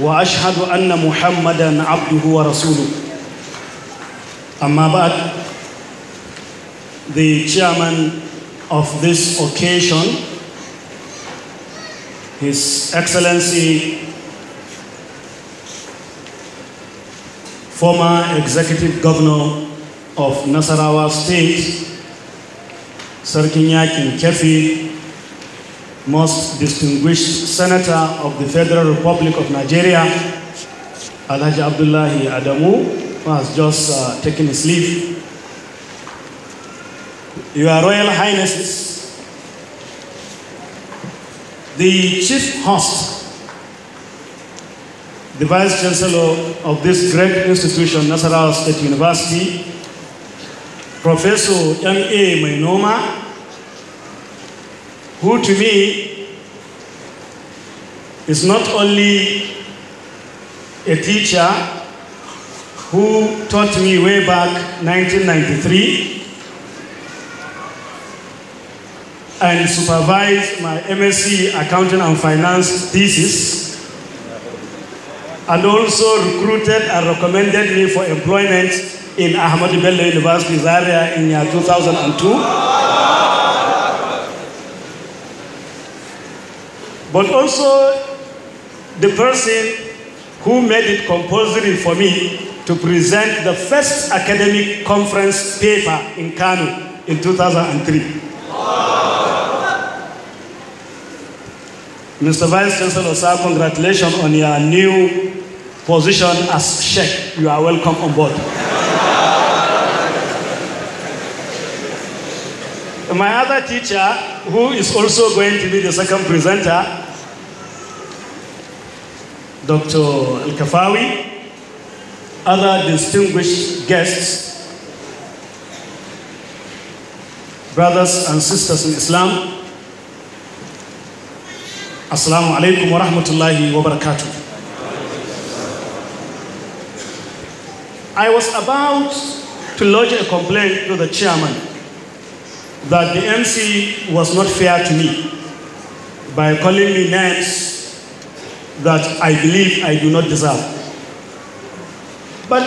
واشهد ان محمدا عبده ورسوله اما بعد the chairman of this occasion his excellency former executive governor of Nasarawa state sir Yakin Kefi most distinguished senator of the Federal Republic of Nigeria, Alhaji Abdullahi Adamu, who has just uh, taken his leave. Your Royal Highnesses, the chief host, the Vice Chancellor of this great institution, Nasarawa State University, Professor M.A. Mainoma, who to me is not only a teacher who taught me way back 1993 and supervised my MSc Accounting and Finance thesis and also recruited and recommended me for employment in Ahmad Bello University Zaria in year 2002. But also the person who made it compulsory for me to present the first academic conference paper in Kano in 2003. Mr. Vice Chancellor, sir, congratulations on your new position as Sheikh. You are welcome on board. My other teacher, who is also going to be the second presenter, Dr. Al Kafawi, other distinguished guests, brothers and sisters in Islam. Assalamu alaikum wa rahmatullahi wa barakatuh. I was about to lodge a complaint to the chairman that the MC was not fair to me by calling me names that I believe I do not deserve. But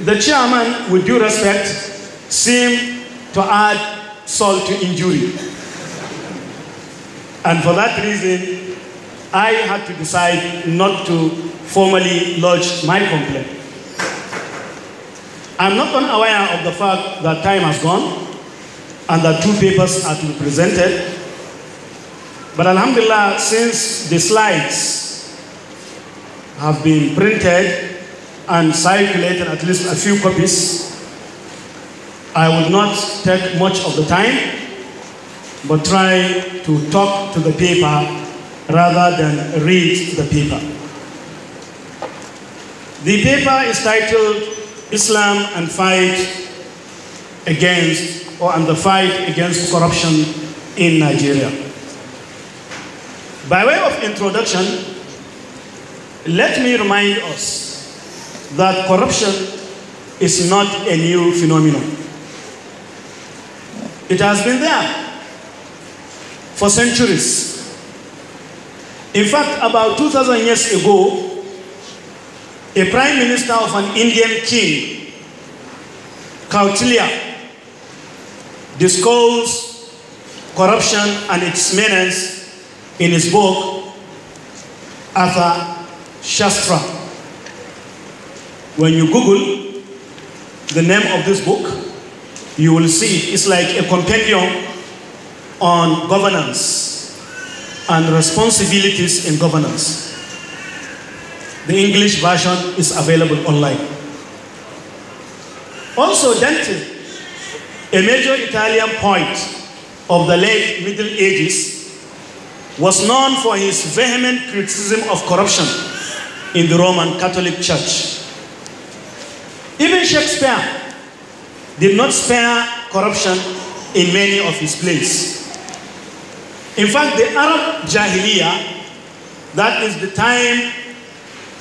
the chairman, with due respect, seemed to add salt to injury. And for that reason, I had to decide not to formally lodge my complaint. I'm not unaware of the fact that time has gone and that two papers are to be presented but Alhamdulillah, since the slides have been printed and circulated, at least a few copies, I will not take much of the time, but try to talk to the paper rather than read the paper. The paper is titled Islam and Fight Against or and the Fight Against Corruption in Nigeria. By way of introduction, let me remind us that corruption is not a new phenomenon. It has been there for centuries. In fact, about 2,000 years ago, a prime minister of an Indian king, Kautilya, disclosed corruption and its menace in his book, Arthur Shastra. When you Google the name of this book, you will see it's like a compendium on governance and responsibilities in governance. The English version is available online. Also, Dante, a major Italian poet of the late Middle Ages, was known for his vehement criticism of corruption in the Roman Catholic Church. Even Shakespeare did not spare corruption in many of his plays. In fact, the Arab Jahiliya, that is the time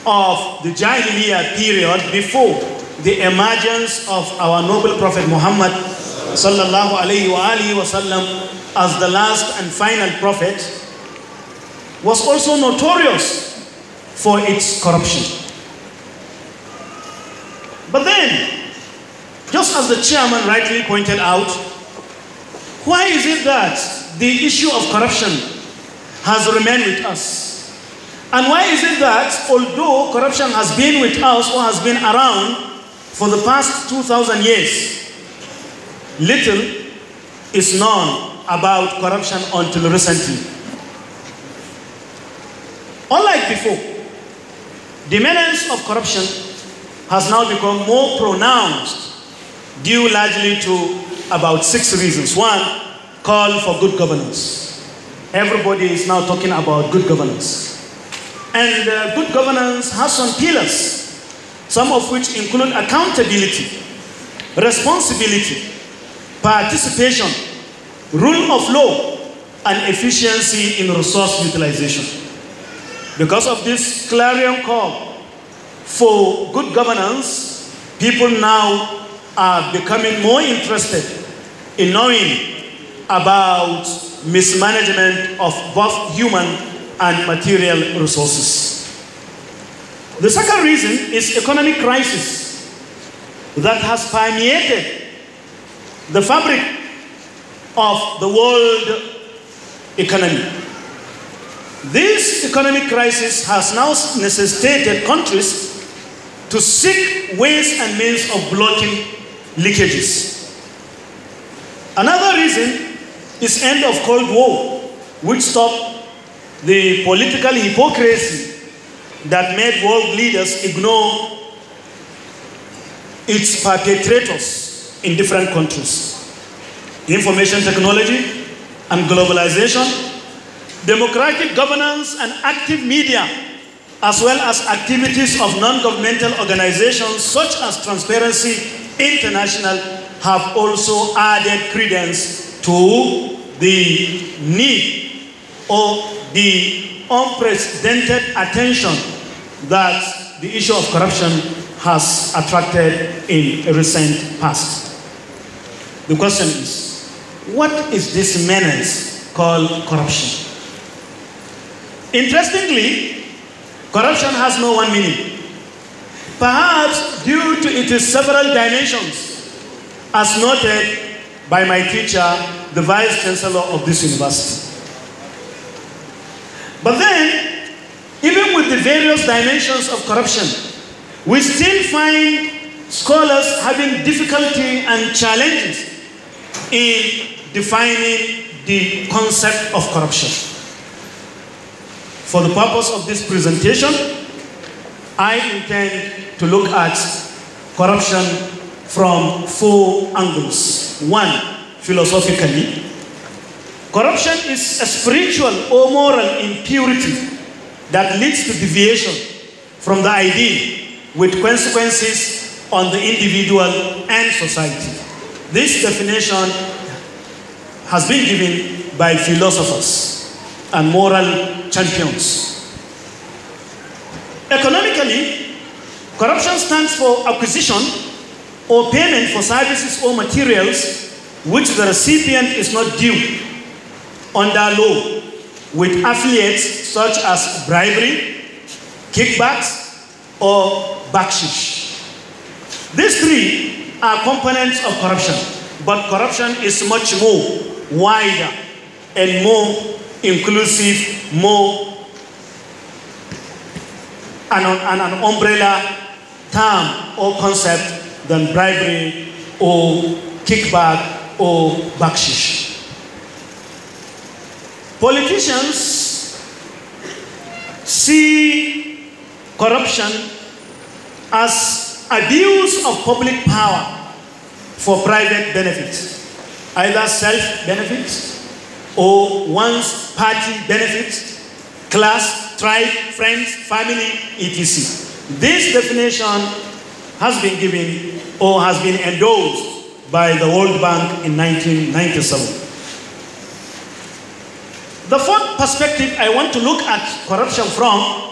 of the Jahiliya period before the emergence of our noble prophet Muhammad sallallahu alayhi wa as the last and final prophet was also notorious for its corruption. But then, just as the chairman rightly pointed out, why is it that the issue of corruption has remained with us? And why is it that although corruption has been with us or has been around for the past 2,000 years, little is known about corruption until recently? before. The menace of corruption has now become more pronounced due largely to about six reasons. One, call for good governance. Everybody is now talking about good governance. And uh, good governance has some pillars, some of which include accountability, responsibility, participation, rule of law, and efficiency in resource utilization. Because of this clarion call for good governance, people now are becoming more interested in knowing about mismanagement of both human and material resources. The second reason is economic crisis that has permeated the fabric of the world economy. This economic crisis has now necessitated countries to seek ways and means of blocking leakages. Another reason is end of Cold War, which stopped the political hypocrisy that made world leaders ignore its perpetrators in different countries. Information technology and globalization democratic governance and active media, as well as activities of non-governmental organizations such as Transparency International have also added credence to the need or the unprecedented attention that the issue of corruption has attracted in recent past. The question is, what is this menace called corruption? Interestingly, corruption has no one meaning. Perhaps due to its several dimensions, as noted by my teacher, the Vice Chancellor of this university. But then, even with the various dimensions of corruption, we still find scholars having difficulty and challenges in defining the concept of corruption. For the purpose of this presentation, I intend to look at corruption from four angles. One, philosophically, corruption is a spiritual or moral impurity that leads to deviation from the ideal with consequences on the individual and society. This definition has been given by philosophers and moral champions. Economically, corruption stands for acquisition or payment for services or materials which the recipient is not due under law with affiliates such as bribery, kickbacks, or backshish. These three are components of corruption, but corruption is much more wider and more inclusive, more, and, an umbrella term or concept than bribery or kickback or backshish. Politicians see corruption as abuse of public power for private benefits, either self benefits or one's party benefits, class, tribe, friends, family, etc. This definition has been given or has been endorsed by the World Bank in 1997. The fourth perspective I want to look at corruption from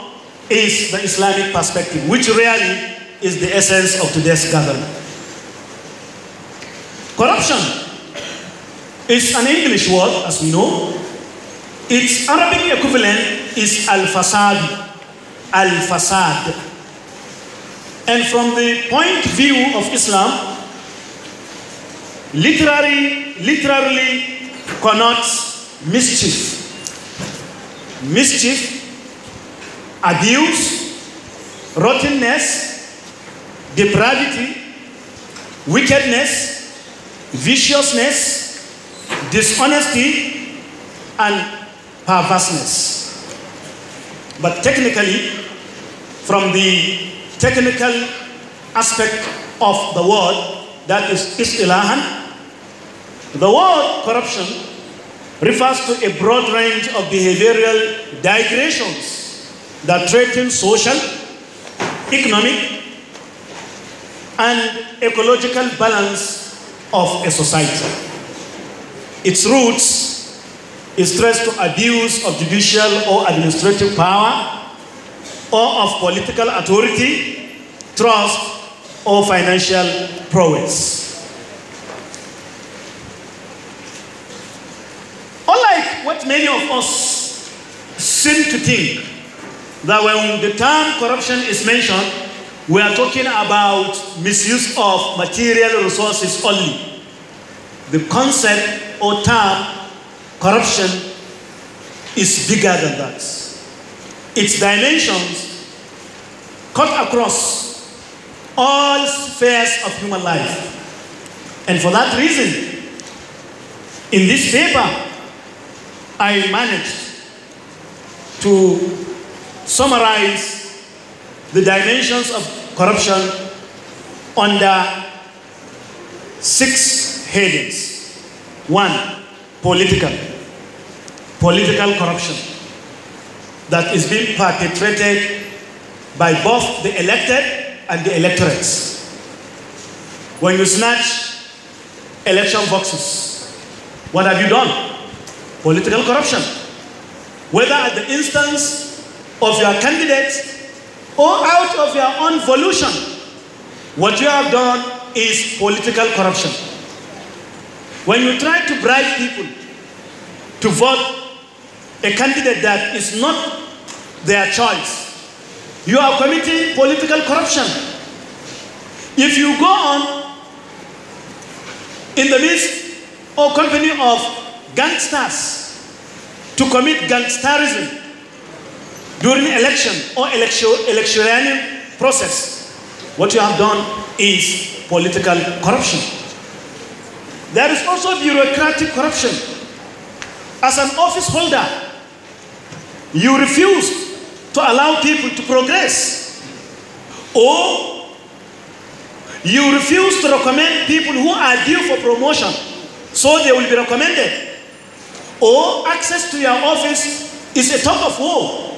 is the Islamic perspective, which really is the essence of today's gathering. Corruption it's an English word, as we know. Its Arabic equivalent is al-fasad. Al-fasad. And from the point view of Islam, literally, literally connotes mischief. Mischief, abuse, rottenness, depravity, wickedness, viciousness, dishonesty, and perverseness. But technically, from the technical aspect of the word, that is istilahan, the word corruption refers to a broad range of behavioral digressions that threaten social, economic, and ecological balance of a society. Its roots is traced to abuse of judicial or administrative power or of political authority, trust, or financial prowess. Unlike what many of us seem to think, that when the term corruption is mentioned, we are talking about misuse of material resources only the concept or term corruption is bigger than that. Its dimensions cut across all spheres of human life. And for that reason, in this paper, I managed to summarize the dimensions of corruption under six headings. One, political. Political corruption that is being perpetrated by both the elected and the electorates. When you snatch election boxes, what have you done? Political corruption. Whether at the instance of your candidates or out of your own volition, what you have done is political corruption. When you try to bribe people to vote a candidate that is not their choice, you are committing political corruption. If you go on in the midst or company of gangsters to commit gangsterism during election or electioneering process, what you have done is political corruption. There is also bureaucratic corruption. As an office holder, you refuse to allow people to progress, or you refuse to recommend people who are due for promotion so they will be recommended, or access to your office is a talk of war.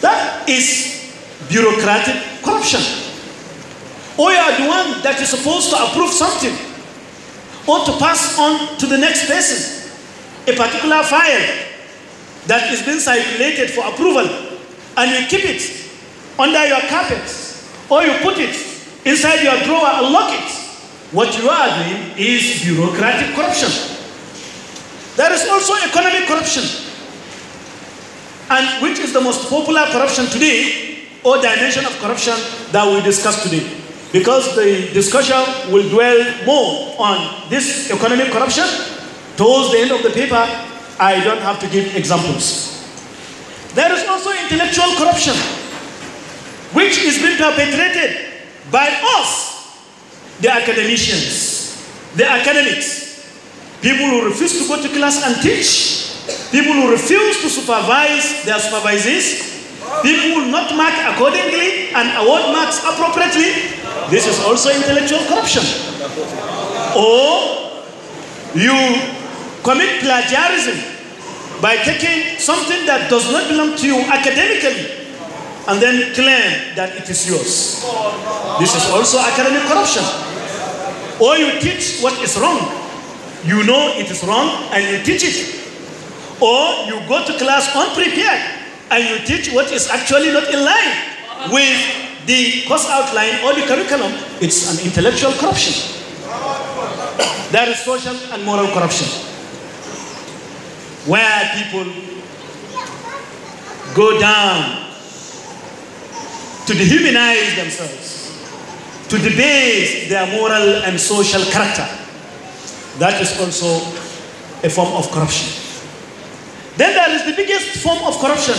That is bureaucratic corruption. Or you are the one that is supposed to approve something or to pass on to the next person a particular file that is being circulated for approval and you keep it under your carpet or you put it inside your drawer and lock it, what you are doing is bureaucratic corruption. There is also economic corruption, and which is the most popular corruption today or dimension of corruption that we discuss today because the discussion will dwell more on this economic corruption. Towards the end of the paper, I don't have to give examples. There is also intellectual corruption, which is being perpetrated by us, the academicians, the academics, people who refuse to go to class and teach, people who refuse to supervise their supervisees, people who not mark accordingly and award marks appropriately, this is also intellectual corruption. Or you commit plagiarism by taking something that does not belong to you academically and then claim that it is yours. This is also academic corruption. Or you teach what is wrong. You know it is wrong and you teach it. Or you go to class unprepared and you teach what is actually not in line with the course outline or the curriculum, it's an intellectual corruption. There is social and moral corruption. Where people go down to dehumanize themselves, to debase their moral and social character. That is also a form of corruption. Then there is the biggest form of corruption,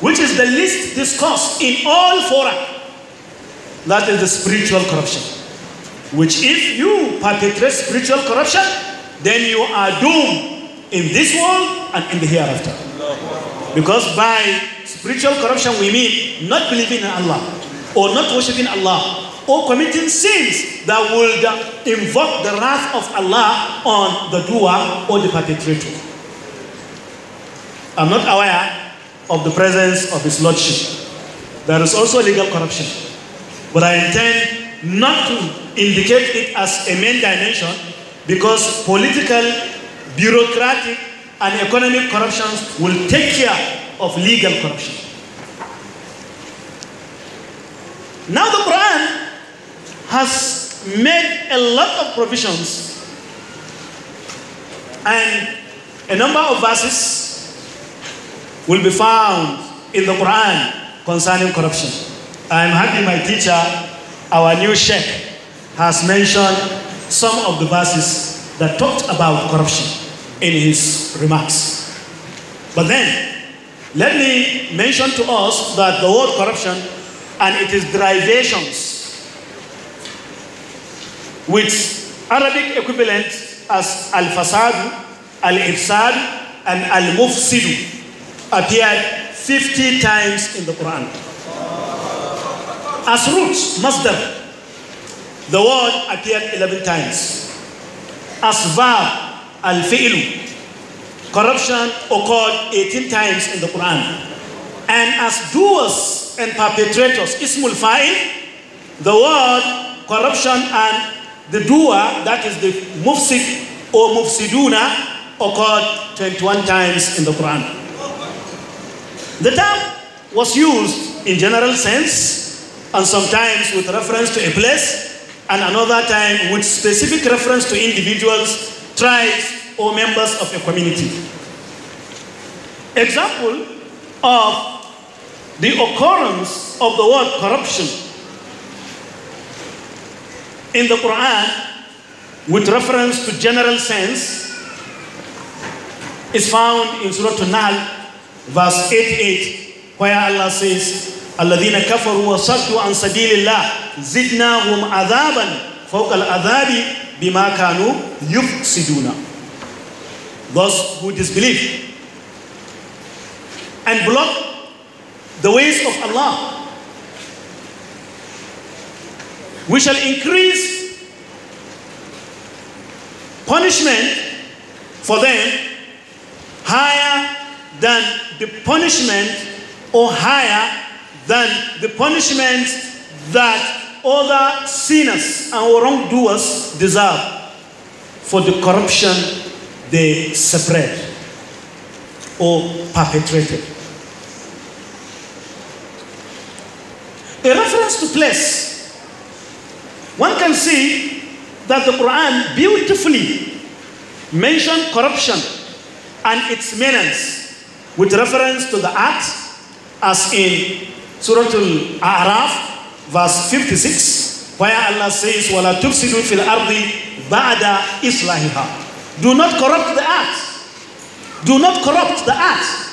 which is the least discussed in all fora that is the spiritual corruption. Which, if you perpetrate spiritual corruption, then you are doomed in this world and in the hereafter. Because by spiritual corruption, we mean not believing in Allah, or not worshipping Allah, or committing sins that would invoke the wrath of Allah on the doer or the perpetrator. I'm not aware of the presence of His Lordship. There is also legal corruption. But I intend not to indicate it as a main dimension because political, bureaucratic, and economic corruptions will take care of legal corruption. Now, the Quran has made a lot of provisions and a number of verses will be found in the Quran concerning corruption. I'm happy my teacher, our new sheikh, has mentioned some of the verses that talked about corruption in his remarks. But then, let me mention to us that the word corruption and its derivations, which Arabic equivalent as al-fasad, al-ifsad, and al-mufsidu, appeared 50 times in the Quran. As root, masdar, the word appeared 11 times. As verb, al fi'lu, corruption occurred 18 times in the Quran. And as doers and perpetrators, ismul fa'il, the word corruption and the doer, that is the mufsid or mufsiduna, occurred 21 times in the Quran. The term was used in general sense and sometimes with reference to a place, and another time with specific reference to individuals, tribes, or members of a community. Example of the occurrence of the word corruption in the Quran with reference to general sense is found in Surah An-Nahl verse 88 where Allah says الذين كفروا وصدوا عن سبيل الله زدناهم عذابا فوق العذاب بما كانوا يفسدون those who disbelieve and block the ways of Allah we shall increase punishment for them higher than the punishment or higher than the punishment that other sinners and wrongdoers deserve for the corruption they spread or perpetrated. A reference to place. One can see that the Quran beautifully mentioned corruption and its menace with reference to the act as in Surah Al-A'raf, verse 56, where Allah says, وَلَا تُفْسِدُوا فِي الْأَرْضِ بَعْدَ إِصْلَاحِهَا Do not corrupt the earth. Do not corrupt the earth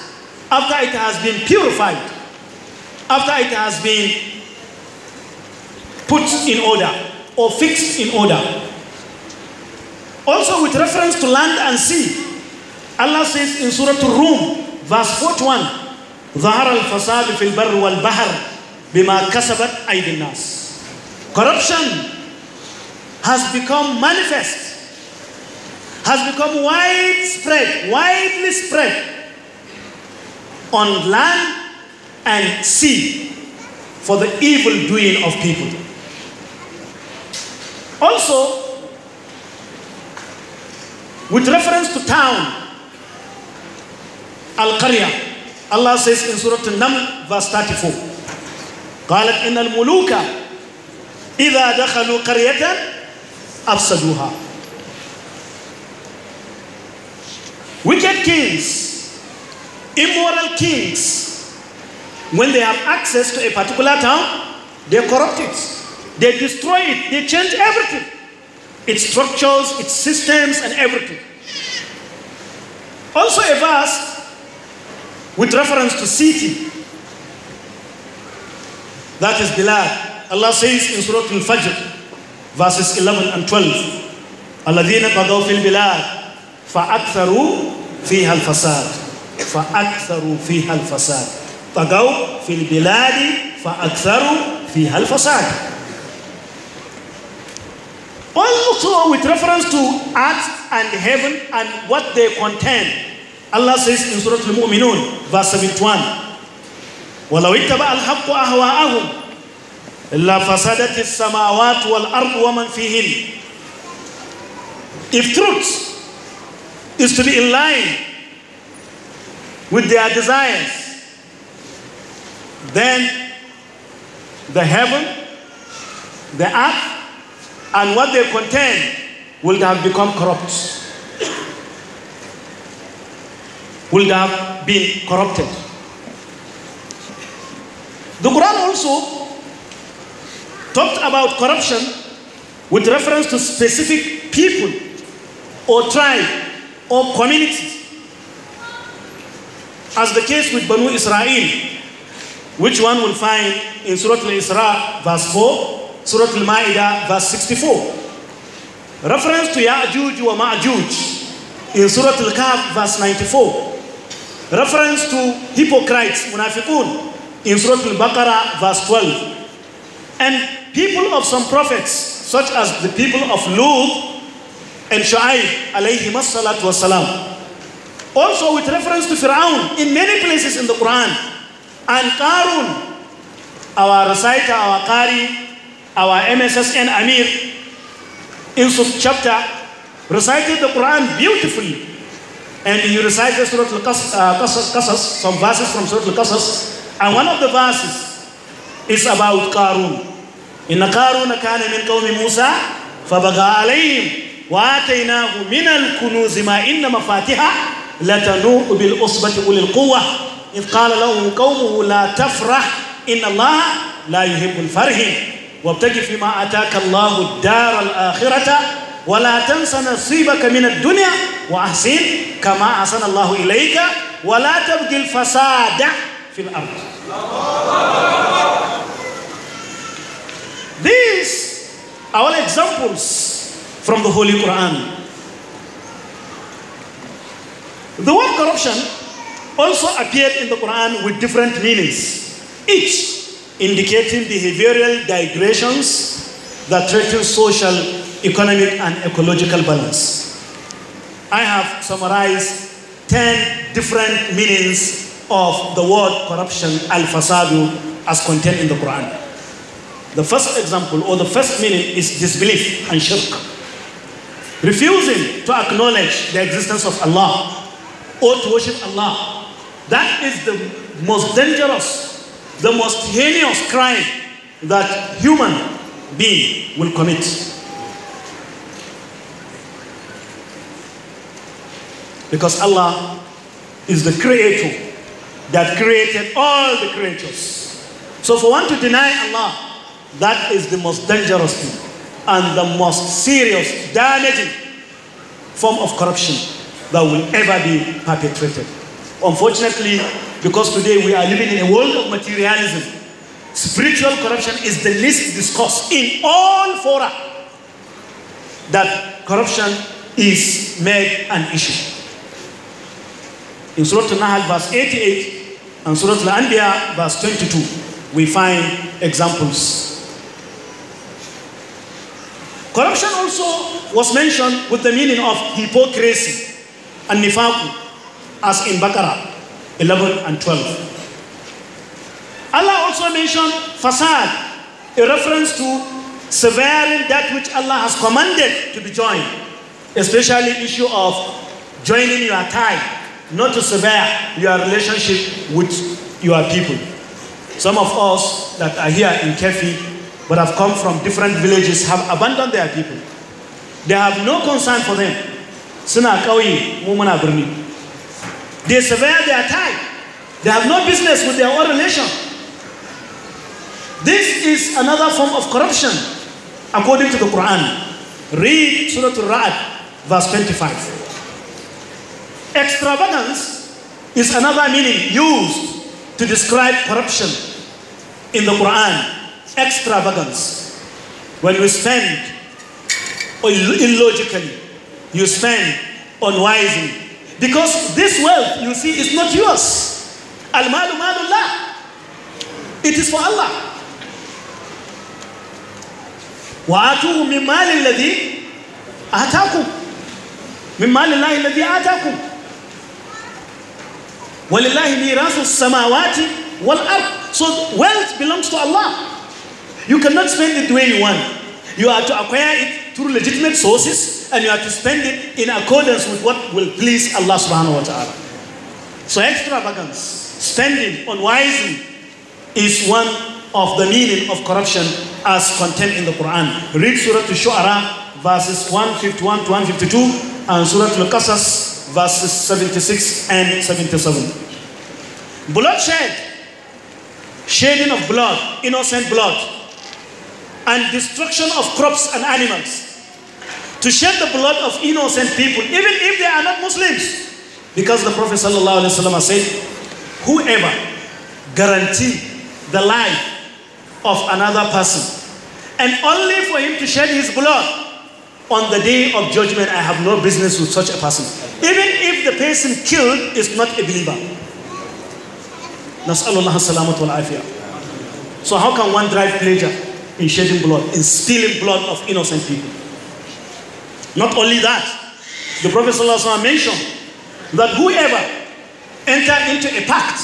after it has been purified, after it has been put in order or fixed in order. Also, with reference to land and sea, Allah says in Surah Al-Rum, verse 41, ظهر الفساد في البر والبحر بما كسبت أيدي الناس corruption has become manifest has become widespread widely spread on land and sea for the evil doing of people also with reference to town al-qaryah Allah says in Surah An-Naml, verse 34, قالت إن الملوك إذا دخلوا قرية أفسدوها Wicked kings, immoral kings, when they have access to a particular town, they corrupt it, they destroy it, they change everything its structures, its systems, and everything. Also, a verse with reference to city. That is Bilal. Allah says in Surah Al Fajr, verses 11 and 12, Aladina Badaw fil Bilal, fa'aktharu fiha al fasad. Fa'aktharu fiha al fasad. Tagaw fil Bilal, fa'aktharu fiha al fasad. Also, with reference to earth and heaven and what they contain, Allah says in Surah Al-Mu'minun, verse 71, ولو اتبع الحق أهواءهم إلا فسدت السماوات والأرض ومن فيهن If truth is to be in line with their desires, then the heaven, the earth, and what they contain will have become corrupt. would have been corrupted. The Quran also talked about corruption with reference to specific people or tribe or communities, as the case with Banu Israel, which one will find in Surah Al Isra, verse 4, Surah Al Ma'idah, verse 64. Reference to Ya'juj wa Ma'juj in Surah Al Kahf, verse 94 reference to hypocrites, munafiqun, in Surah Al-Baqarah, verse 12. And people of some prophets, such as the people of Lut and Shu'aib, alayhim salatu wasalam. Also with reference to Fir'aun, in many places in the Quran, and Karun, our reciter, our Qari, our MSSN Amir, in Surah chapter, recited the Quran beautifully and he the Surah Al-Qasas, uh, Qasas, some verses from Surah Al-Qasas. And one of the verses is about Qarun. إن قارون كان من قوم موسى فبغى عليهم وآتيناه من الكنوز ما إن مفاتحه لتنوء بالأصبة أولي القوة إذ قال له قومه لا تفرح إن الله لا يحب الفرح وابتغ فيما آتاك الله الدار الآخرة ولا تنس نصيبك من الدنيا وأحسن كما أحسن الله إليك ولا الفساد في الأرض These are all examples from the Holy Quran. The word corruption also appeared in the Quran with different meanings, each indicating behavioral digressions that threaten social economic and ecological balance. I have summarized 10 different meanings of the word corruption, al fasadu, as contained in the Quran. The first example or the first meaning is disbelief and shirk. Refusing to acknowledge the existence of Allah or to worship Allah. That is the most dangerous, the most heinous crime that human being will commit. Because Allah is the creator that created all the creatures. So for one to deny Allah, that is the most dangerous thing and the most serious, damaging form of corruption that will ever be perpetrated. Unfortunately, because today we are living in a world of materialism, spiritual corruption is the least discussed in all fora that corruption is made an issue. In Surah Al-Nahl, verse 88, and Surah Al-Anbiya, verse 22, we find examples. Corruption also was mentioned with the meaning of hypocrisy and nifaq, as in Baqarah 11 and 12. Allah also mentioned fasad, a reference to severing that which Allah has commanded to be joined, especially issue of joining your tie not to sever your relationship with your people. Some of us that are here in Kefi but have come from different villages have abandoned their people. They have no concern for them. They sever their tie. They have no business with their own relation. This is another form of corruption according to the Quran. Read Surah Al-Ra'd verse 25. Extravagance is another meaning used to describe corruption in the Quran. Extravagance. When you spend illogically, you spend unwisely. Because this wealth, you see, is not yours. Al malu malullah. It is for Allah. وآتوه من مال الذي آتاكم من مال الله الذي آتاكم وَلِلَّهِ مِيرَاثُ السَّمَاوَاتِ وَالْأَرْضِ So wealth belongs to Allah. You cannot spend it the way you want. You are to acquire it through legitimate sources and you are to spend it in accordance with what will please Allah subhanahu wa ta'ala. So extravagance, spending unwisely is one of the meaning of corruption as contained in the Quran. Read Surah Al-Shu'ara verses 151 to 152 and Surah Al-Qasas verses 76 and 77. Bloodshed, shedding of blood, innocent blood, and destruction of crops and animals. To shed the blood of innocent people, even if they are not Muslims. Because the Prophet ﷺ said, Whoever guarantee the life of another person, and only for him to shed his blood, on the day of judgment, I have no business with such a person. Even if the person killed is not a believer. So, how can one drive pleasure in shedding blood, in stealing blood of innocent people? Not only that, the Prophet ﷺ mentioned that whoever enter into a pact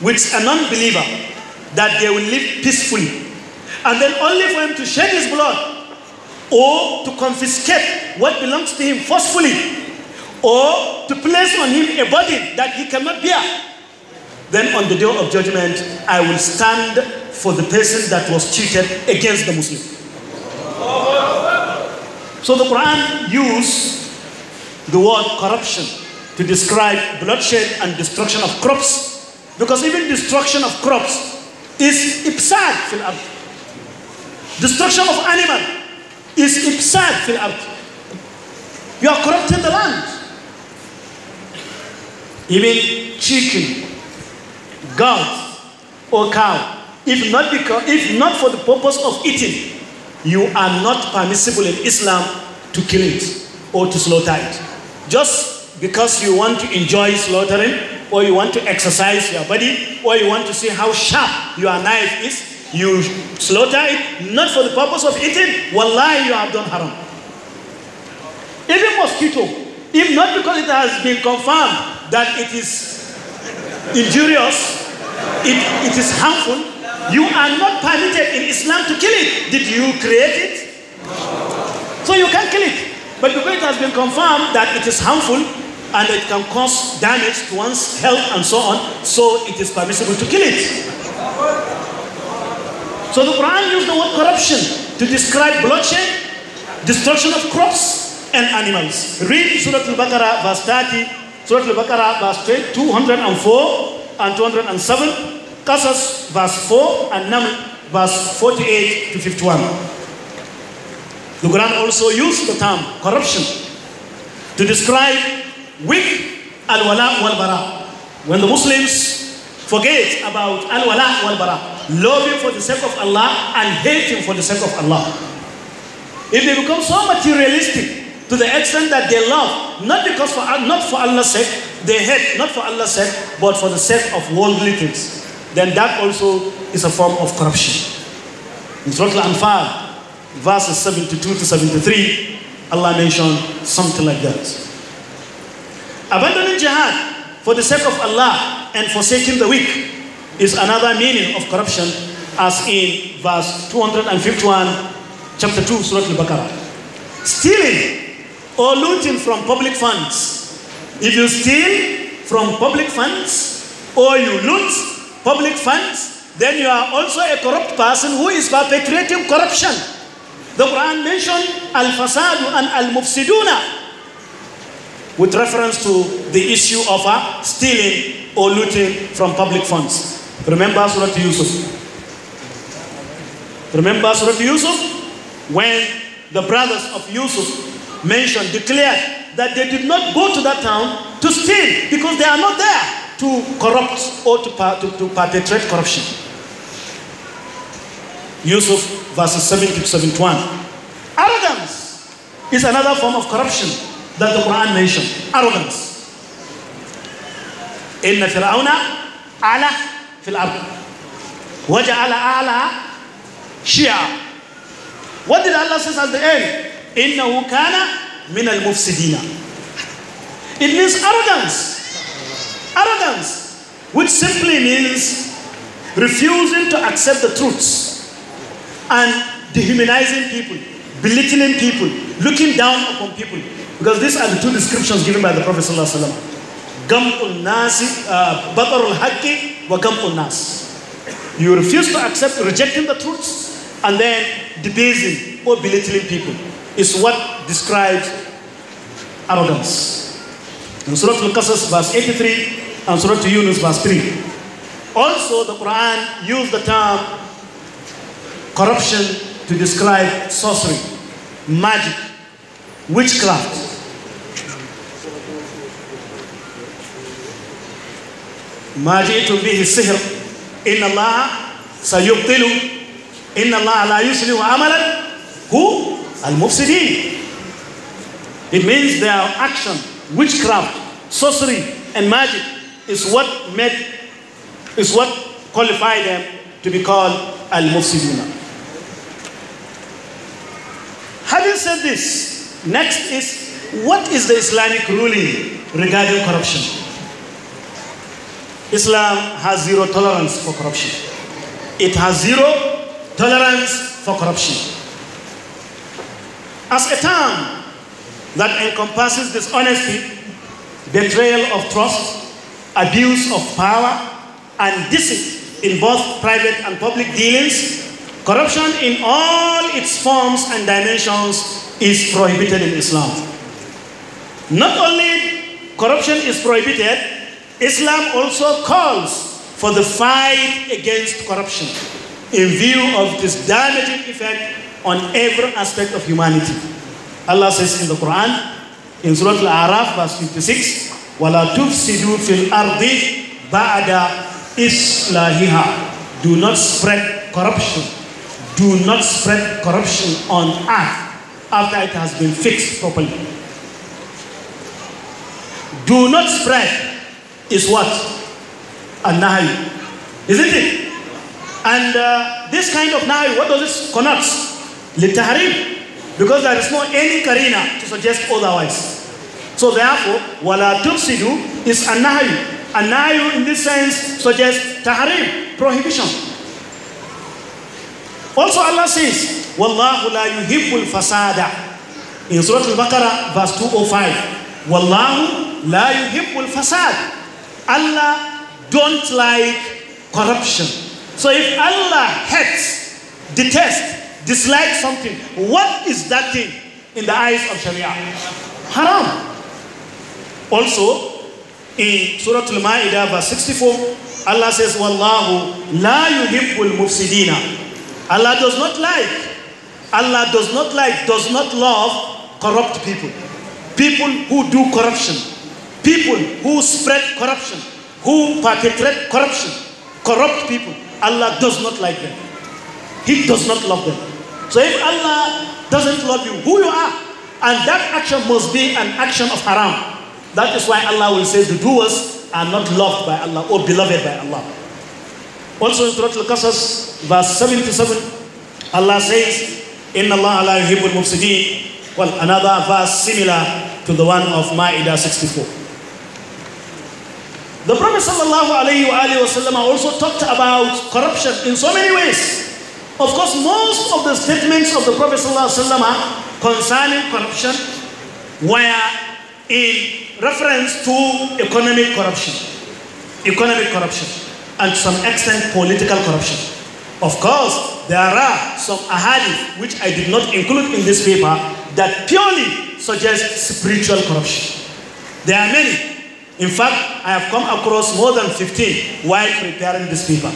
with a non believer, that they will live peacefully, and then only for him to shed his blood or to confiscate what belongs to him forcefully, or to place on him a burden that he cannot bear, then on the day of judgment, I will stand for the person that was cheated against the Muslim. So the Quran used the word corruption to describe bloodshed and destruction of crops, because even destruction of crops is ibsad fil Destruction of animal is ifsad fil ard. You are corrupting the land. Even chicken, goat, or cow, if not because, if not for the purpose of eating, you are not permissible in Islam to kill it or to slaughter it. Just because you want to enjoy slaughtering, or you want to exercise your body, or you want to see how sharp your knife is, you slaughter it not for the purpose of eating, wallahi, you have done haram. Even mosquito, if not because it has been confirmed that it is injurious, it, it is harmful, you are not permitted in Islam to kill it. Did you create it? So you can kill it. But because it has been confirmed that it is harmful and it can cause damage to one's health and so on, so it is permissible to kill it. So the Quran used the word corruption to describe bloodshed, destruction of crops and animals. Read Surah Al-Baqarah verse 30, Surah Al-Baqarah verse 204 and 207, Qasas verse 4 and Naml verse 48 to 51. The Quran also used the term corruption to describe weak al-wala wal-bara. When the Muslims Forget about al-wala wal-bara. Love him for the sake of Allah and hate him for the sake of Allah. If they become so materialistic to the extent that they love, not because for not for Allah's sake, they hate not for Allah's sake, but for the sake of worldly things, then that also is a form of corruption. In Surah Al-Anfal, verses 72 to 73, Allah mentioned something like that. Abandoning jihad for the sake of Allah and forsaking the weak is another meaning of corruption, as in verse 251, chapter 2, Surah Al Baqarah. Stealing or looting from public funds. If you steal from public funds or you loot public funds, then you are also a corrupt person who is perpetrating corruption. The Quran mentioned al fasadu and al mufsiduna with reference to the issue of uh, stealing or looting from public funds. Remember Surah Yusuf. Remember Surah Yusuf? When the brothers of Yusuf mentioned, declared that they did not go to that town to steal because they are not there to corrupt or to, to, to perpetrate corruption. Yusuf verses 70 to 71. Arrogance is another form of corruption that the Quran mentioned. Arrogance. إن فرعون أعلى في الأرض وجعل أعلى شيعا What did Allah says at the end? إنه كان من المفسدين It means arrogance. Arrogance. Which simply means refusing to accept the truths and dehumanizing people, belittling people, looking down upon people. Because these are the two descriptions given by the Prophet. wasallam. Gamtun Nasi, uh, Batarul Haqqi wa Gamtun Nas. You refuse to accept rejecting the truth and then debasing or belittling people is what describes arrogance. In Surah Al-Qasas verse 83 and Surah Yunus verse 3. Also the Quran used the term corruption to describe sorcery, magic, witchcraft, ما جئتم به السحر إن الله سيبطله إن الله لا يصلح عملا who المفسدين it means their action witchcraft sorcery and magic is what made is what qualified them to be called al-mufsiduna having said this next is what is the islamic ruling regarding corruption Islam has zero tolerance for corruption. It has zero tolerance for corruption. As a term that encompasses dishonesty, betrayal of trust, abuse of power, and deceit in both private and public dealings, corruption in all its forms and dimensions is prohibited in Islam. Not only corruption is prohibited, Islam also calls for the fight against corruption in view of this damaging effect on every aspect of humanity. Allah says in the Quran, in Surah Al-A'raf, verse 56, وَلَا تُفْسِدُوا فِي الْأَرْضِ Islahiha.' Do not spread corruption. Do not spread corruption on earth after it has been fixed properly. Do not spread is what? A nahi. Isn't it? And uh, this kind of nahi, what does it connote? Litaharib. Because there is no any karina to suggest otherwise. So therefore, wala tufsidu is a nahi. A nahi in this sense suggests taharib, prohibition. Also Allah says, Wallahu la yuhibbul fasada. In Surah Al-Baqarah, verse 205. Wallahu la yuhibbul fasad. Allah don't like corruption. So if Allah hates, detests, dislikes something, what is that thing in the eyes of Sharia? Haram. Also, in Surah Al-Ma'idah verse 64, Allah says, Wallahu la yuhibbul mufsidina. Allah does not like, Allah does not like, does not love corrupt people. People who do corruption people who spread corruption, who perpetrate corruption, corrupt people, Allah does not like them. He does not love them. So if Allah doesn't love you, who you are, and that action must be an action of haram. That is why Allah will say the doers are not loved by Allah or beloved by Allah. Also in Surah Al-Qasas, verse 77, Allah says, Inna Allah la yuhibbul mufsidin. Well, another verse similar to the one of Ma'idah 64. The Prophet ﷺ also talked about corruption in so many ways. Of course, most of the statements of the Prophet ﷺ concerning corruption were in reference to economic corruption, economic corruption, and to some extent political corruption. Of course, there are some ahadith which I did not include in this paper that purely suggest spiritual corruption. There are many in fact, I have come across more than 15 while preparing this paper.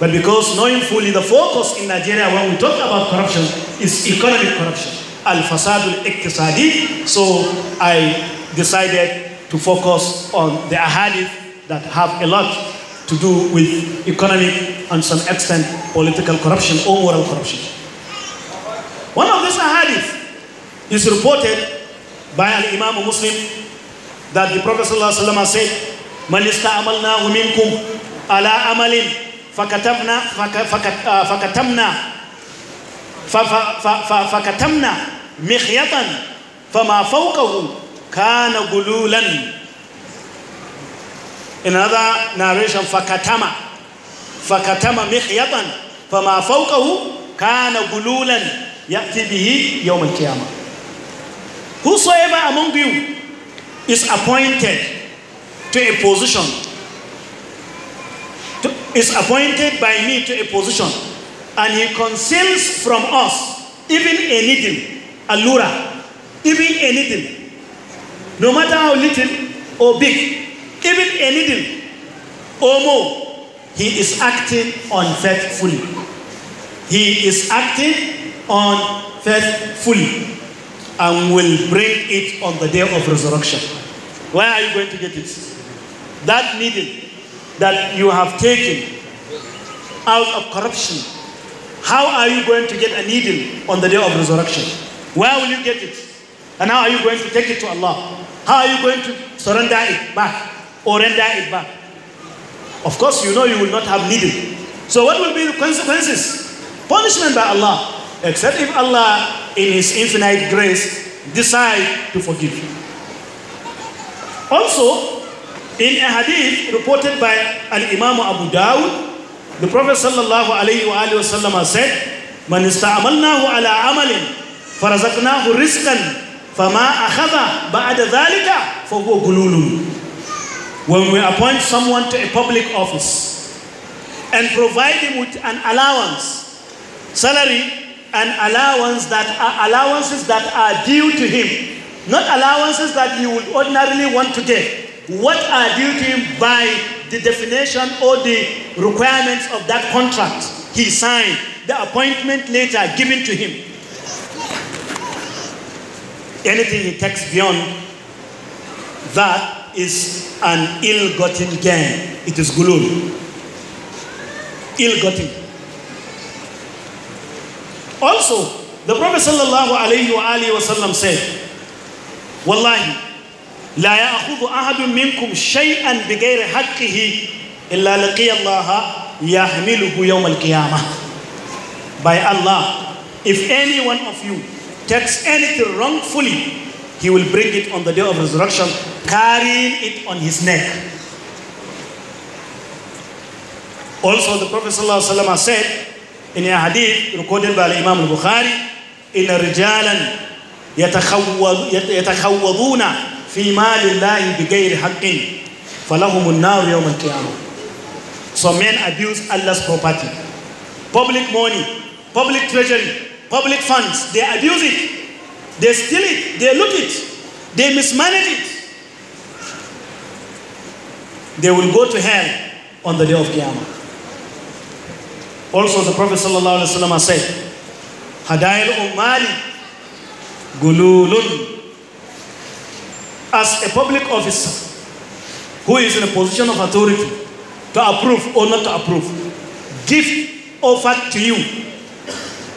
But because knowing fully the focus in Nigeria when we talk about corruption is economic corruption, al fasadul iqtisadi, so I decided to focus on the ahadith that have a lot to do with economic and some extent political corruption or moral corruption. One of these ahadith is reported by an Imam Muslim that the Prophet صلى الله عليه ﷺ said, من استعملناه منكم على عمل فكتبنا فكتمنا فكتمنا مخيطا فما فوقه كان غلولا In another narration, فَكَتَمَ فَكَتَمَ مِخْيَطًا فَمَا فَوْقَهُ كَانَ gululan يَأْتِي بِهِ يَوْمَ الْقِيَامَةِ Whosoever among you is appointed to a position to, is appointed by me to a position and he conceals from us even a needle allura even a needle no matter how little or big even a needle or more he is acting unfaithfully he is acting unfaithfully and will bring it on the day of resurrection. Where are you going to get it? That needle that you have taken out of corruption, how are you going to get a needle on the day of resurrection? Where will you get it? And how are you going to take it to Allah? How are you going to surrender it back or render it back? Of course, you know you will not have needle. So, what will be the consequences? Punishment by Allah. Except if Allah in His infinite grace, decide to forgive you. Also, in a hadith reported by Al Imam Abu Dawud, the Prophet sallallahu alaihi wasallam said, "Man ista'amalnahu ala amalin, farazaknahu rizqan, fama akhadha ba'da dhalika, gululun." When we appoint someone to a public office and provide him with an allowance, salary and allowance that are allowances that are due to him, not allowances that you would ordinarily want to get. What are due to him by the definition or the requirements of that contract he signed, the appointment later given to him. Anything he takes beyond that is an ill-gotten gain. It is gulul. Ill-gotten. Also, the Prophet sallallahu alayhi wa said, Wallahi, لا يأخذ أحد منكم شيئا بغير حقه إلا لقي الله يحمله يوم القيامة By Allah, if any one of you takes anything wrongfully, he will bring it on the day of resurrection, carrying it on his neck. Also, the Prophet ﷺ said, in a hadith recorded by Imam al-Bukhari إن رجالا يتخوضون في مال الله بغير حق فلهم النار يوم القيامة so men abuse Allah's property public money public treasury public funds they abuse it they steal it they loot it they mismanage it they will go to hell on the day of Qiyamah Also, the Prophet ﷺ said, Hadail Umali Gululun. As a public officer who is in a position of authority to approve or not to approve, gift offered to you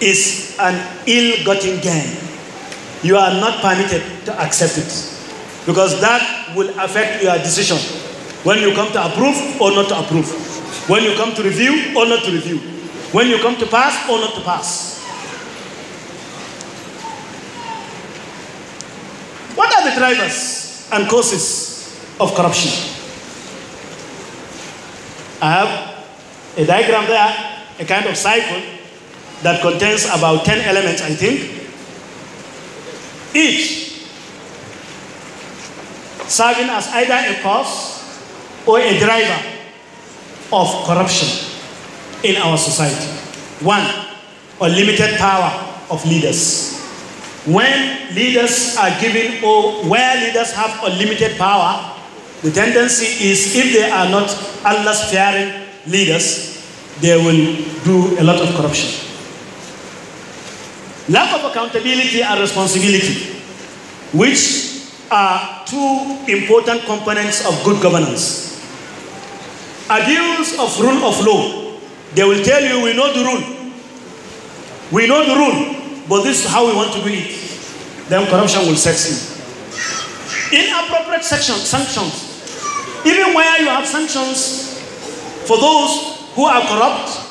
is an ill gotten gain. You are not permitted to accept it because that will affect your decision when you come to approve or not to approve, when you come to review or not to review when you come to pass or not to pass. What are the drivers and causes of corruption? I have a diagram there, a kind of cycle that contains about 10 elements, I think. Each serving as either a cause or a driver of corruption in our society. One, unlimited power of leaders. When leaders are given, or where leaders have unlimited power, the tendency is if they are not Allah's fearing leaders, they will do a lot of corruption. Lack of accountability and responsibility, which are two important components of good governance. Abuse of rule of law they will tell you, we know the rule. We know the rule, but this is how we want to do it. Then corruption will set in. Inappropriate sanctions. Even where you have sanctions for those who are corrupt,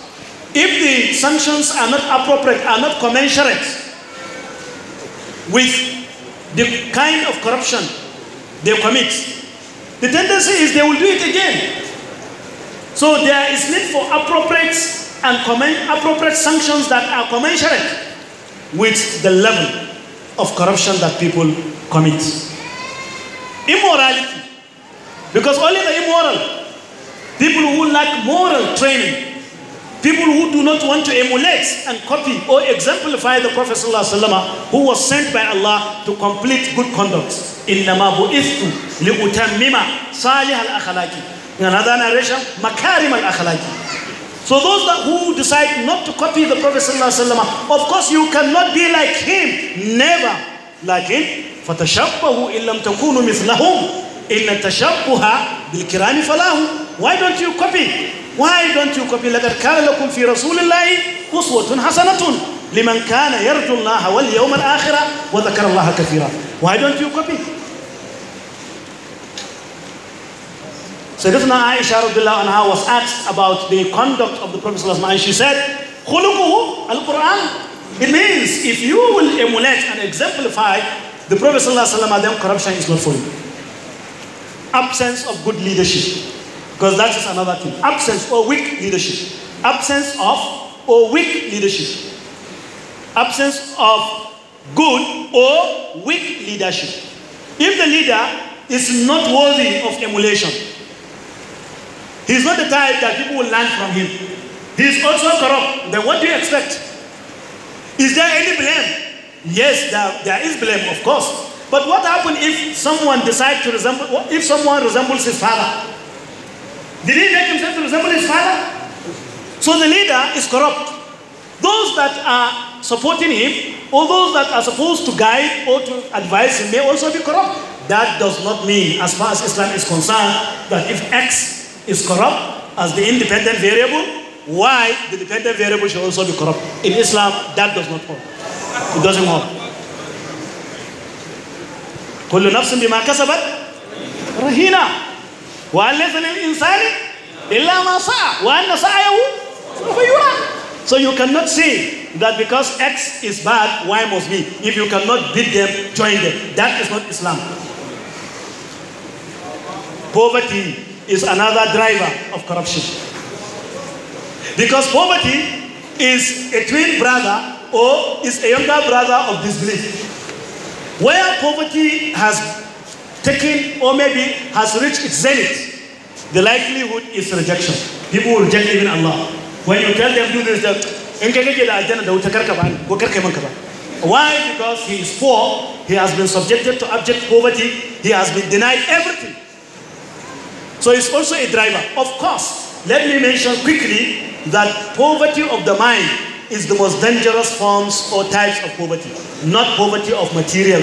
if the sanctions are not appropriate, are not commensurate with the kind of corruption they commit, the tendency is they will do it again. So there is need for appropriate and appropriate sanctions that are commensurate with the level of corruption that people commit. Immorality. Because only the immoral, people who lack moral training, people who do not want to emulate and copy or exemplify the Prophet ﷺ, who was sent by Allah to complete good conduct. Another narration, makarim al-akhlaqi. So those that, who decide not to copy the Prophet sallallahu alaihi wasallam, of course you cannot be like him. Never. لكن فتشبهوا إن لم تكونوا مثلهم إن التشبه بالكرام فلاه Why don't you copy? Why don't you copy? لقد كان لكم في رسول الله قصوة حسنة لمن كان يرجو الله واليوم الآخرة وذكر الله كثيرا Why don't you copy? Sayyidatuna Aisha anha was asked about the conduct of the Prophet and she said, al-Quran. It means if you will emulate and exemplify the Prophet then corruption is not for you. Absence of good leadership. Because that is another thing. Absence or weak leadership. Absence of or weak leadership. Absence of good or weak leadership. If the leader is not worthy of emulation, He's not the type that people will learn from him. He's also corrupt. Then what do you expect? Is there any blame? Yes, there, there is blame, of course. But what happens if someone decides to resemble, if someone resembles his father? Did he make himself to resemble his father? So the leader is corrupt. Those that are supporting him, or those that are supposed to guide or to advise him, may also be corrupt. That does not mean, as far as Islam is concerned, that if X is corrupt as the independent variable, why the dependent variable should also be corrupt. In Islam, that does not hold. It doesn't hold. كل نفس بما كسبت رهينة وأن ليس للإنسان إلا ما سعى وأن سعيه سوف يرى So you cannot say that because X is bad, Y must be. If you cannot beat them, join them. That is not Islam. Poverty is another driver of corruption. Because poverty is a twin brother or is a younger brother of disbelief. Where poverty has taken or maybe has reached its zenith, the likelihood is rejection. People will reject even Allah. When you tell them do this, why? Because he is poor, he has been subjected to abject poverty, he has been denied everything. So it's also a driver. Of course, let me mention quickly that poverty of the mind is the most dangerous forms or types of poverty, not poverty of material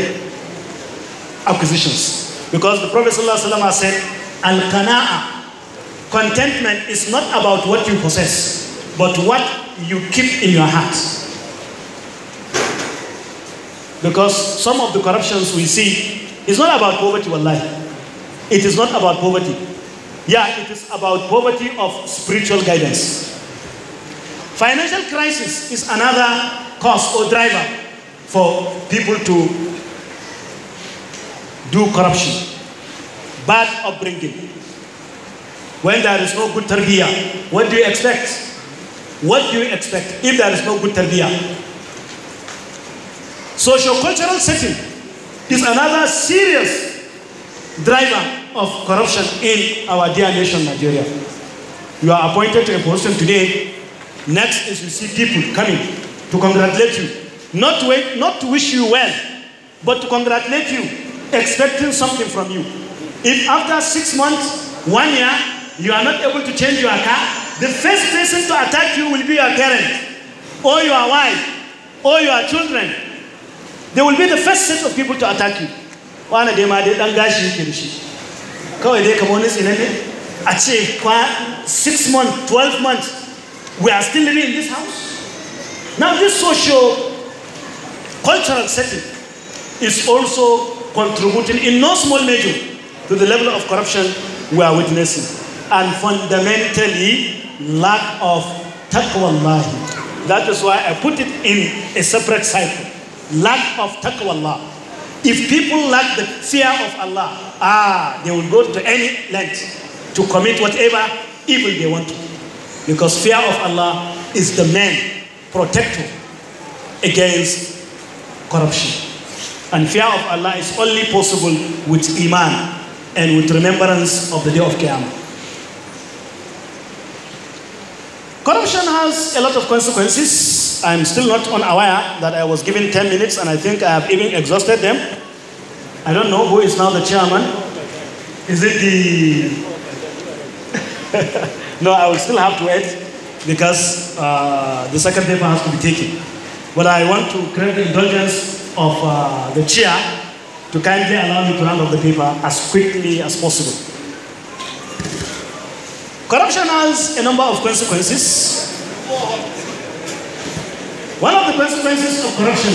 acquisitions. Because the Prophet ﷺ has said, Al Kana'a, contentment is not about what you possess, but what you keep in your heart. Because some of the corruptions we see is not about poverty, wallahi. It is not about poverty. Yeah, it is about poverty of spiritual guidance. Financial crisis is another cause or driver for people to do corruption, bad upbringing. When there is no good tarbiyah, what do you expect? What do you expect if there is no good tarbiyah? Socio-cultural setting is another serious driver of corruption in our dear nation, Nigeria. You are appointed to a position today. Next is you see people coming to congratulate you. Not to, wait, not to wish you well, but to congratulate you, expecting something from you. If after six months, one year, you are not able to change your car, the first person to attack you will be your parent, or your wife, or your children. They will be the first set of people to attack you. Come dai kamar wani tsinan ne a ce 6 months 12 months we are still living in this house now this social cultural setting is also contributing in no small measure to the level of corruption we are witnessing and fundamentally lack of taqwa That is why I put it in a separate cycle. Lack of taqwa Allah. If people lack the fear of Allah, ah, they will go to any length to commit whatever evil they want to. Because fear of Allah is the main protector against corruption. And fear of Allah is only possible with Iman and with remembrance of the day of Qiyamah. Corruption has a lot of consequences. I'm still not unaware that I was given 10 minutes and I think I have even exhausted them. I don't know who is now the chairman. Is it the. no, I will still have to wait because uh, the second paper has to be taken. But I want to create the indulgence of uh, the chair to kindly allow me to round off the paper as quickly as possible. Corruption has a number of consequences. One of the consequences of corruption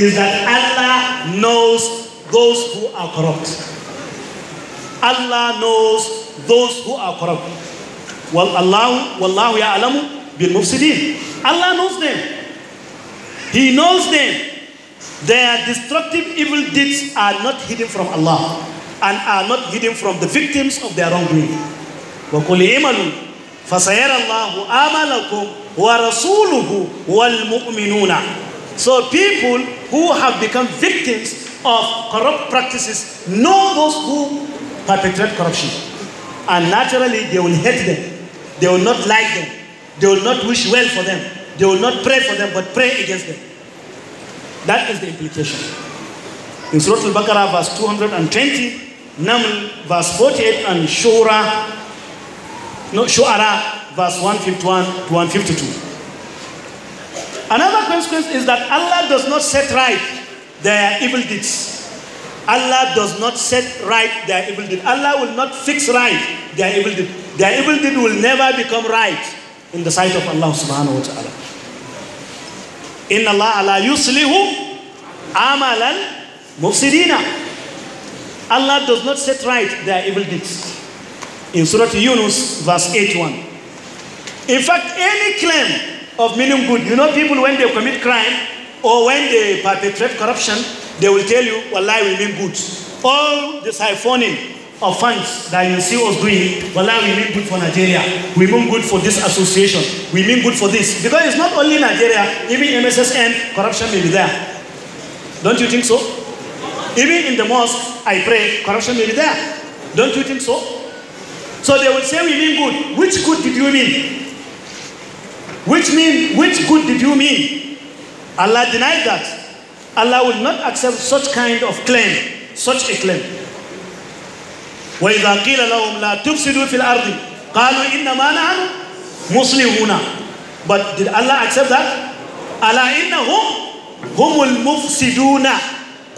is that Allah knows those who are corrupt. Allah knows those who are corrupt. Wallahu, wallahu ya'lamu bil mufsidin. Allah knows them. He knows them. Their destructive evil deeds are not hidden from Allah and are not hidden from the victims of their wrongdoing. وَقُلِ إِمَلُوا فَسَيَرَ اللَّهُ آمَلَكُمْ wal وَالْمُؤْمِنُونَ So people who have become victims of corrupt practices know those who perpetrate corruption. And naturally, they will hate them. They will not like them. They will not wish well for them. They will not pray for them, but pray against them. That is the implication. In Surah Al-Baqarah, verse 220, Naml, verse 48, and Shura, no, Shu'ara, verse 151 to 152. Another consequence is that Allah does not set right their evil deeds. Allah does not set right their evil deed. Allah will not fix right their evil deed. Their evil deed will never become right in the sight of Allah subhanahu wa ta'ala. In Allah ala yuslihu amalan mufsidina. Allah does not set right their evil deeds. In Surah Yunus, verse 81. In fact, any claim of meaning good, you know, people when they commit crime or when they perpetrate corruption, they will tell you, Wallahi, we mean good. All the siphoning of funds that you see us doing, Wallahi, we mean good for Nigeria. We mean good for this association. We mean good for this. Because it's not only Nigeria, even MSSN, corruption may be there. Don't you think so? Even in the mosque, I pray, corruption may be there. Don't you think so? So they will say we mean good. Which good did you mean? Which mean which good did you mean? Allah denied that. Allah will not accept such kind of claim, such a claim. وإذا قيل لهم لا تفسدوا في الأرض قالوا إنما نحن مصلحون But did Allah accept that? Allah إنهم هم المفسدون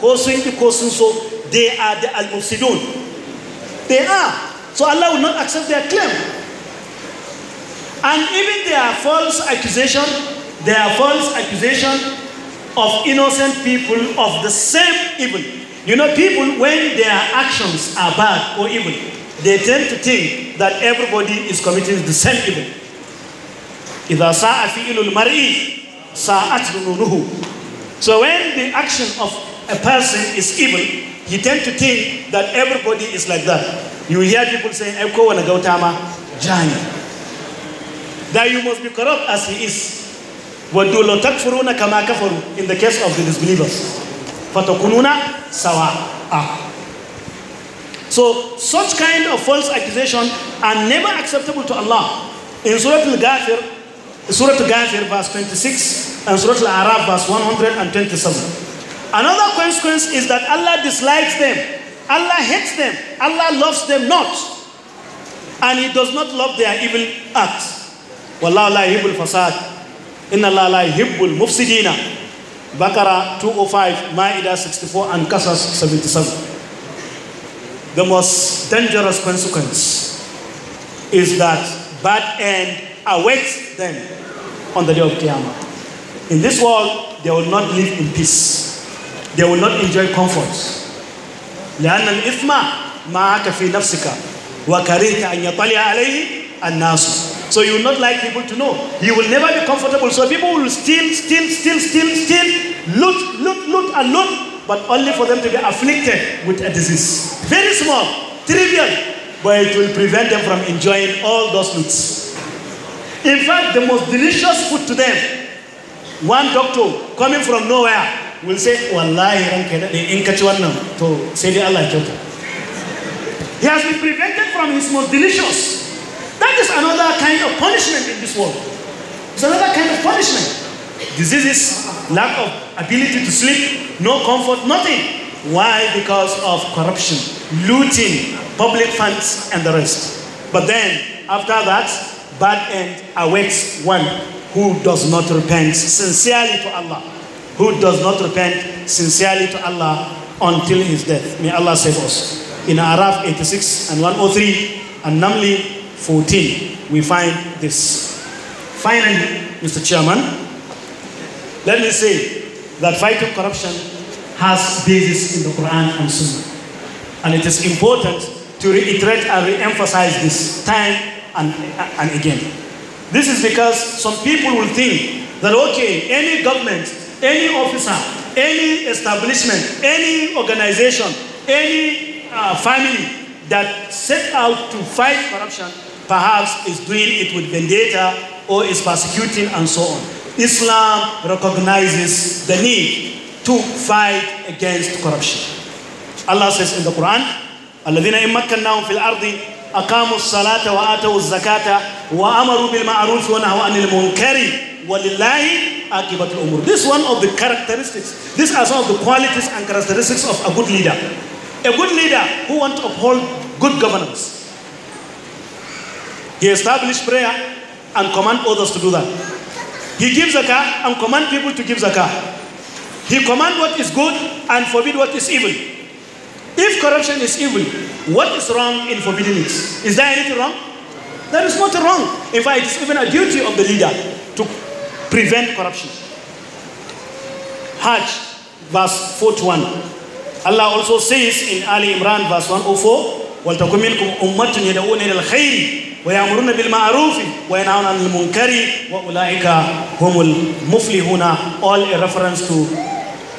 ko sun ki so they are the al they are so Allah will not accept their claim and even are false accusation, are false accusation of innocent people of the same evil. You know, people, when their actions are bad or evil, they tend to think that everybody is committing the same evil. So when the action of a person is evil, he tend to think that everybody is like that. You hear people saying, "Eko jani." that you must be corrupt as he is. In the case of the disbelievers. Ah. So such kind of false accusation are never acceptable to Allah. In Surah Al-Ghafir, Surah Al-Ghafir verse 26 and Surah Al-Araf verse 127. Another consequence is that Allah dislikes them. Allah hates them. Allah loves them not. And He does not love their evil acts. Wallahu la yuhibbul fasad. Inna Allah la yuhibbul mufsidina. Bakara 205, Ma'idah 64, and Qasas 77. The most dangerous consequence is that bad end awaits them on the day of Qiyamah. In this world, they will not live in peace. They will not enjoy comfort. لأن الإثم معك في نفسك وكرهت أن يطلع عليه الناس so you will not like people to know. You will never be comfortable. So people will steal, steal, steal, steal, steal, loot, loot, loot, and loot, but only for them to be afflicted with a disease. Very small, trivial, but it will prevent them from enjoying all those loots. In fact, the most delicious food to them, one doctor coming from nowhere will say, Wallahi, ranka daɗe in ka ci wannan to sai dai Allah He has been prevented from his most delicious that is another kind of punishment in this world. It's another kind of punishment. Diseases, lack of ability to sleep, no comfort, nothing. Why? Because of corruption, looting, public funds, and the rest. But then, after that, bad end awaits one who does not repent sincerely to Allah. Who does not repent sincerely to Allah until his death. May Allah save us. In Araf 86 and 103, and namely 14, we find this. Finally, Mr. Chairman, let me say that fighting corruption has basis in the Quran and Sunnah. And it is important to reiterate and re-emphasize this time and, and again. This is because some people will think that, okay, any government, any officer, any establishment, any organization, any uh, family that set out to fight corruption perhaps is doing it with vendetta or is persecuting and so on. Islam recognizes the need to fight against corruption. Allah says in the Quran, الَّذِينَ إِمَّكَّنَّاهُمْ فِي الْأَرْضِ أَقَامُوا الصَّلَاةَ وَآتَوُا الزَّكَاةَ وَأَمَرُوا بِالْمَعْرُوفِ وَنَهَوْا عَنِ الْمُنكَرِ وَلِلَّهِ عَاقِبَةُ الْأُمُورِ This is one of the characteristics. These are some of the qualities and characteristics of a good leader. A good leader who wants to uphold good governance he established prayer and command others to do that. He gives zakah and command people to give zakah. He command what is good and forbid what is evil. If corruption is evil, what is wrong in forbidding it? Is there anything wrong? There is nothing wrong. In fact, it is even a duty of the leader to prevent corruption. Hajj, verse 41. Allah also says in Ali Imran, verse 104, ويأمرون بالمعروف وينهون عن المنكر وأولئك هم المفلحون all a reference to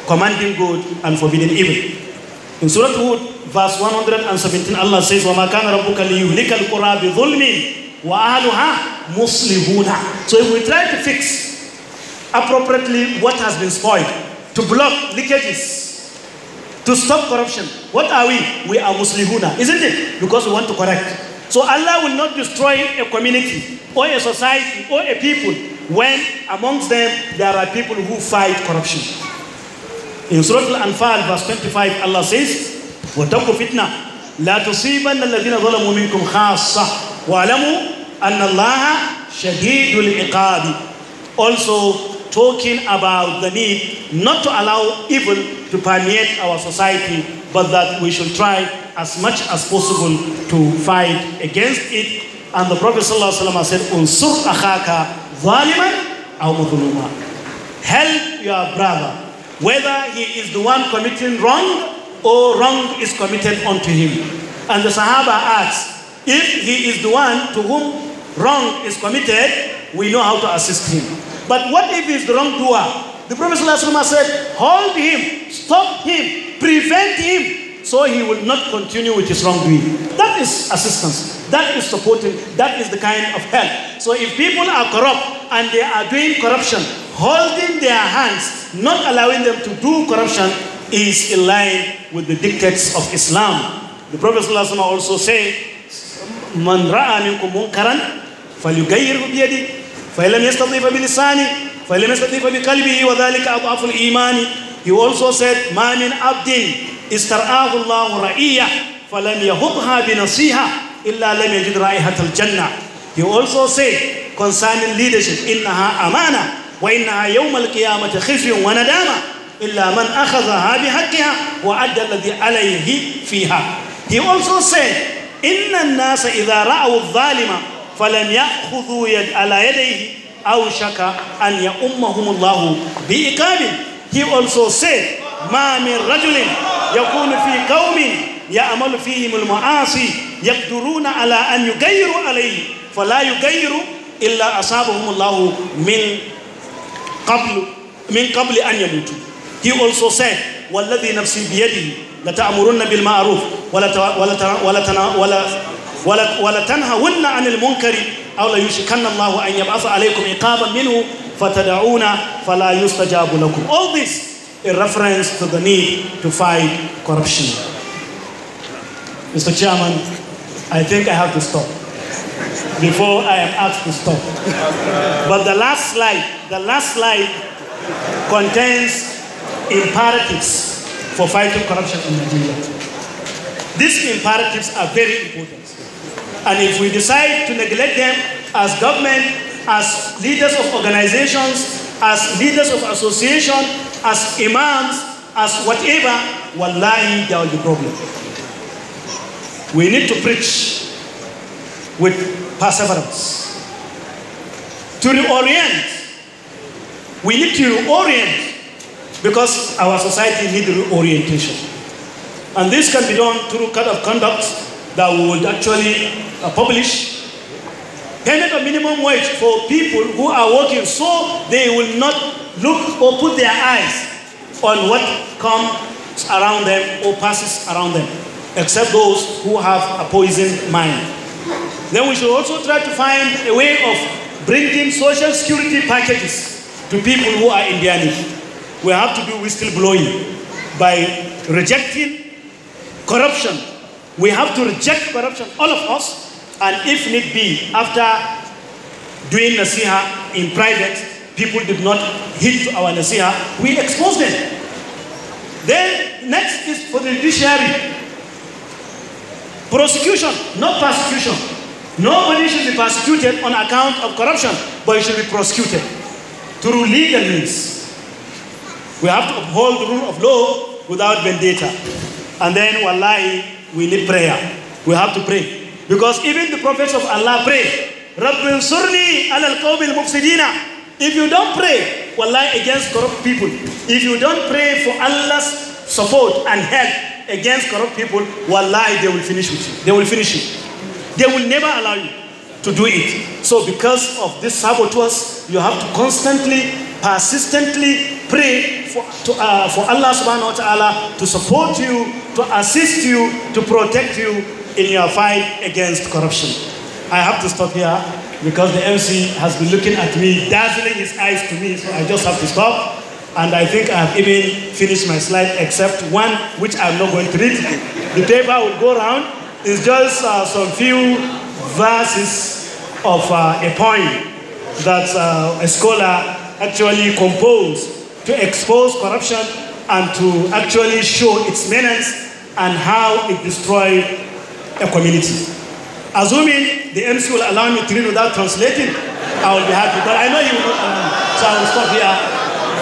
commanding good and forbidding evil in Surah Hud verse 117 Allah says وَمَا كَانَ رَبُّكَ لِيُهْلِكَ الْقُرَى بِظُلْمٍ وَأَهْلُهَا مُصْلِحُونَ so if we try to fix appropriately what has been spoiled to block leakages to stop corruption what are we we are muslihuna isn't it because we want to correct So Allah will not destroy a community or a society or a people when amongst them there are people who fight corruption. In Surah Al-Anfal verse 25 Allah says, وَتَقُوا فِتْنَةً لَا تُصِيبَنَّ الَّذِينَ ظَلَمُوا مِنْكُمْ خَاصَّةً وَعَلَمُوا أَنَّ اللَّهَ شَدِيدُ الْعِقَابِ Also talking about the need not to allow evil to permeate our society, but that we should try as much as possible to fight against it. And the Prophet ﷺ said, Unsur akhaka zaliman aw mazluma. Help your brother, whether he is the one committing wrong or wrong is committed unto him. And the Sahaba asks, if he is the one to whom wrong is committed, we know how to assist him. But what if he's the wrongdoer? The Prophet ﷺ said, Hold him, stop him, prevent him, so he will not continue with his wrongdoing. That is assistance. That is supporting. That is the kind of help. So if people are corrupt and they are doing corruption, holding their hands, not allowing them to do corruption, is in line with the dictates of Islam. The Prophet ﷺ also said, Man ra'a minkum munkaran biyadihi فإن لم يستطيف بلسانه فإن لم يستطيف بقلبه وذلك أضعف الإيمان He also said ما من عبد استرآه الله رأيه فلم يهبها بنصيحة إلا لم يجد رائحة الجنة He also said concerning leadership إنها أمانة وإنها يوم القيامة خزي وندامة إلا من أخذها بحقها وأدى الذي عليه فيها He also said إن الناس إذا رأوا الظالم فلم يأخذوا على يديه أو شك أن يأمهم الله بإقامة He also said ما من رجل يكون في قوم يعمل فيهم المعاصي يقدرون على أن يغيروا عليه فلا يغيروا إلا أصابهم الله من قبل من قبل أن يموتوا He also said والذي نفسي بيده لتأمرن بالمعروف ولا ولا ولا ولتنهون عن المنكر أو ليشكن الله أن يبعث عليكم عقابا منه فتدعون فلا يستجاب لكم all this in reference to the need to fight corruption Mr. Chairman I think I have to stop before I am asked to stop but the last slide the last slide contains imperatives for fighting corruption in Nigeria these imperatives are very important And if we decide to neglect them as government, as leaders of organizations, as leaders of association, as imams, as whatever, wallahi, there will be problem. We need to preach with perseverance. To reorient, we need to reorient because our society needs reorientation. And this can be done through code of conduct that we would actually uh, publish. Payment of minimum wage for people who are working so they will not look or put their eyes on what comes around them or passes around them, except those who have a poisoned mind. Then we should also try to find a way of bringing social security packages to people who are in their We have to do whistleblowing by rejecting corruption we have to reject corruption, all of us, and if need be, after doing nasiha in private, people did not heed to our nasiha, we expose them. Then, next is for the judiciary. Prosecution, not persecution. Nobody should be persecuted on account of corruption, but he should be prosecuted through legal means. We have to uphold the rule of law without vendetta. And then, wallahi, we need prayer. We have to pray. Because even the prophets of Allah pray. Rabbi Surni al Mufsidina. If you don't pray, wallahi, against corrupt people. If you don't pray for Allah's support and help against corrupt people, wallahi, they will finish with you. They will finish you. They will never allow you to do it. So, because of these saboteurs, you have to constantly, persistently pray for, to, uh, for Allah subhanahu wa ta'ala to support you, to assist you, to protect you in your fight against corruption. I have to stop here because the MC has been looking at me, dazzling his eyes to me, so I just have to stop. And I think I have even finished my slide, except one which I'm not going to read. The paper will go around. It's just uh, some few verses of uh, a poem that uh, a scholar actually composed to expose corruption and to actually show its menace and how it destroyed a community. Assuming the MC will allow me to read without translating, I will be happy. But I know you will not allow me, so I will stop here.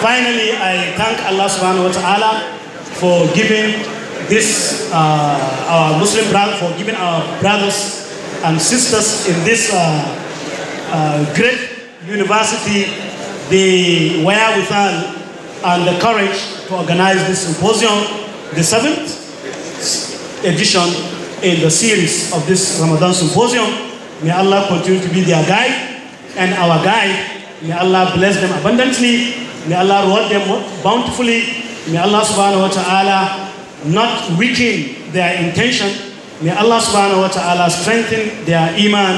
Finally, I thank Allah subhanahu wa ta'ala for giving this, uh, our Muslim brother, for giving our brothers and sisters in this uh, uh, great university the wherewithal and the courage to organize this symposium, the seventh edition in the series of this Ramadan symposium. May Allah continue to be their guide and our guide. May Allah bless them abundantly. May Allah reward them bountifully. May Allah subhanahu wa ta'ala not weaken their intention May Allah subhanahu wa ta'ala strengthen their iman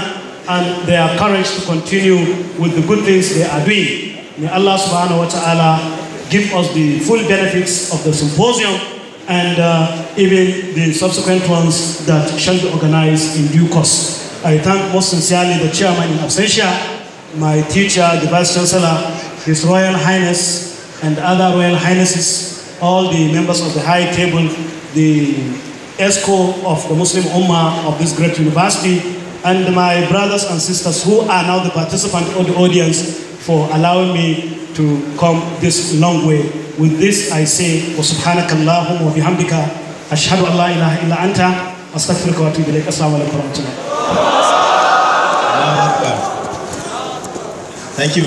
and their courage to continue with the good things they are doing. May Allah subhanahu wa ta'ala give us the full benefits of the symposium and uh, even the subsequent ones that shall be organized in due course. I thank most sincerely the chairman in absentia, my teacher, the vice chancellor, his royal highness and other royal highnesses, all the members of the high table, the ESCO of the Muslim Ummah of this great university, and my brothers and sisters who are now the participant of the audience for allowing me to come this long way. With this, I say, وَسُبْحَانَكَ اللَّهُمَّ وَبِحَمْدِكَ أَشْهَدُ أَنْ لَا إِلَهَ إِلَّا أَنْتَ أَسْتَغْفِرُكَ وَأَتُوبُ إِلَيْكَ السَّلَامُ Thank you.